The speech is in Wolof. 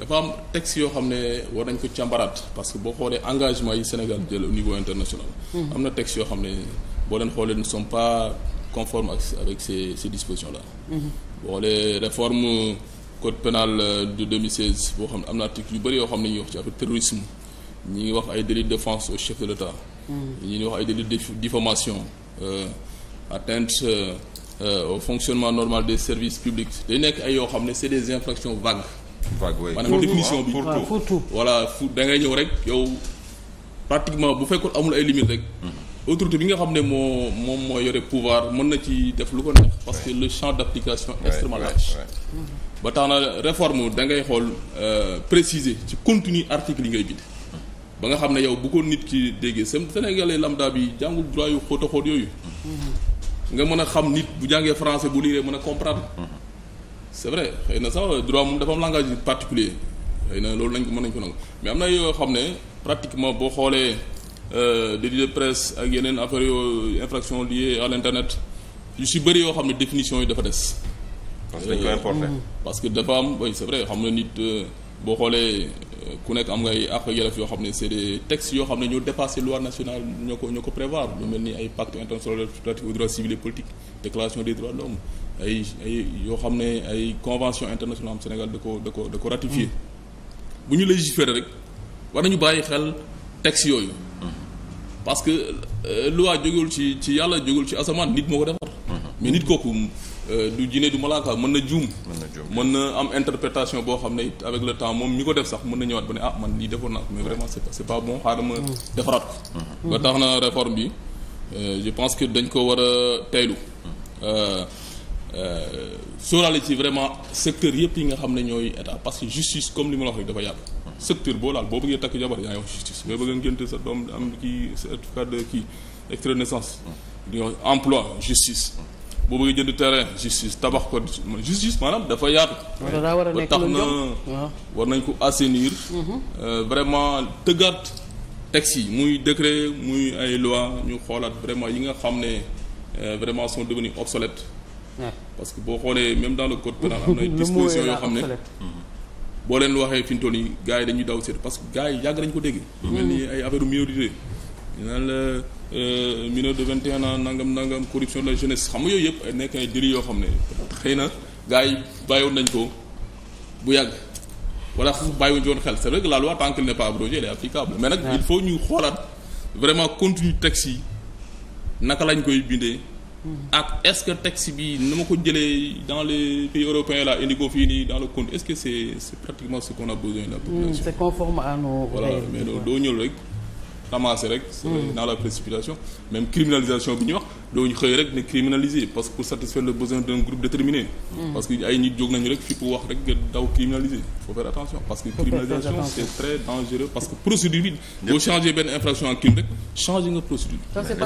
dafa am texte yoo xam ne war nañ ko càmbaraat parce que boo xoolee engagement yi Sénégal jël au niveau international. Hmm. am na texte yoo xam ne boo leen xoolee ne sont pas conformes ak avec ces ces dispositions là. Hmm. boo xoolee réforme code pénal euh, de boo xam ne am na article yu bëri yoo xam ne ñu wax ci affaire terrorisme ñi ngi wax ay délits d'offense au chef de l'État. Hmm. ñi ngi wax ay délits de diffamation euh, atteinte euh, au fonctionnement normal des services publics day nekk ay yoo xam ne c'est des infractions vagues. vague waaye maanaam définition bi pour tout voilà fu da ngay ñëw rek yow pratiquement bu fekkoon amul ay limites rek. Mhm. autorité bi nga xam ne moo moom moo yore pouvoir mën na ci def lu ko neex. parce le champ d' application. est mhm. ba tax na réforme da ngay xool euh, préciser ci contenu article yi ngay bind. ba nga xam ne yow bu ko nit ci déggee seen sénégalais lambda bi jàngul droit yu xóot a xóot yooyu. Mhm. nga mën a xam nit bu jàngee français bu liiree mën a comprendre. c'est vrai xëy na sax droit moom dafa am langage particulier xëy na loolu nañ ko mën nañ ko nangu mais am na yoo xam ne pratiquement boo xoolee euh, délit de presse ak yeneen affaire yoo infraction liée à l'internet yu si bëri yoo xam ne définition yi dafa des. parce que dañ euh, parce que dafa am oui c'est vrai xam na nit euh, boo xoolee. ku nekk am ngay àq yelef yoo xam ne c'est des textes yoo xam ne ñoo dépassé loi nationale ñoo ko ñoo ko prévoir lu mel ni ay pacte international relatif aux droits civils et politiques déclaration des droits de l'homme yoo xam ne internationale am Sénégal da ko da ko da mm. bu ñu légiférer rek war nañu bàyyi xel textes yooyu mm. parce que euh, loi jógul ci ci yàlla jógul ci asamaan nit moo ko defar mm-hmm. mais nit kooku Euh, du jinne du malaaka mën na juum mën na am interprétation boo xam ne it avec le temps moom ñi ko def sax mën na ñëwaat ba ne ah man lii defoon naa ko mais vraiment c'est pas c'est pas bon ko mmh. ba tax na réforme bi euh, je pense que dañ ko war a teylu mmh. euh, sóoraale ci vraiment secteur yëpp yi nga xam ne ñooy état parce que justice comme li ma la wax rek dafa yàgg mmh. secteur boo laal boo bëggee takk jabar yaa ngi wax justice boo bëggee ngénte sa doom am kii certificat de kii extrait boo bëggee jënd terrain justice tabax ko justice maanaam dafa yaatu. ba tax na war nañ ko assainir. Mhm. Euh, vraiment tëggaat texte yi muy décret muy ay loi ñu xoolaat vraiment yi nga xam ne euh, vraiment sont devenus obsolètes. parce que boo xoolee même dans le code pénal am na disposition yoo xam ne. Mhm. boo leen waxee fi mu toll nii gars yi dañuy daw seet parce que gars yi yàgg nañu ko dégg. Mhm. mel ni ay affaire minorité dinañ la. Euh, mineur de 21 ans nangam nangam corruption de la jeunesse xam yooyu yëpp nekk ay délits yoo xam ne xëy na gars yi bàyyiwoon nañ ko bu yàgg wala sax bàyyiwoon ci woon xel c'est vrai que la loi tant qu'elle n'est pas applicable mais nag il faut ñu xoolaat vraiment contenu texte yi naka lañ koy bindee hmm. ak est-ce que texte bi ni ma ko jëlee dans les pays européens là indi ko fii nii dans le compte est-ce que c'est pratiquement ce a besoin la population hmm, c'est conforme à doo ñëw rek ramasser rek. dans la précipitation même criminalisation bi ñuy wax dooñu xëy rek ne criminaliser parce que pour satisfaire le besoin d'un groupe déterminé. Mm. parce que ay nit jóg nañu rek fi pour wax rek nga daw criminaliser faut faire attention parce que. criminalisation c'est très dangereux parce que procédure bi. boo changer benn infraction en crime rek changer nga procédure.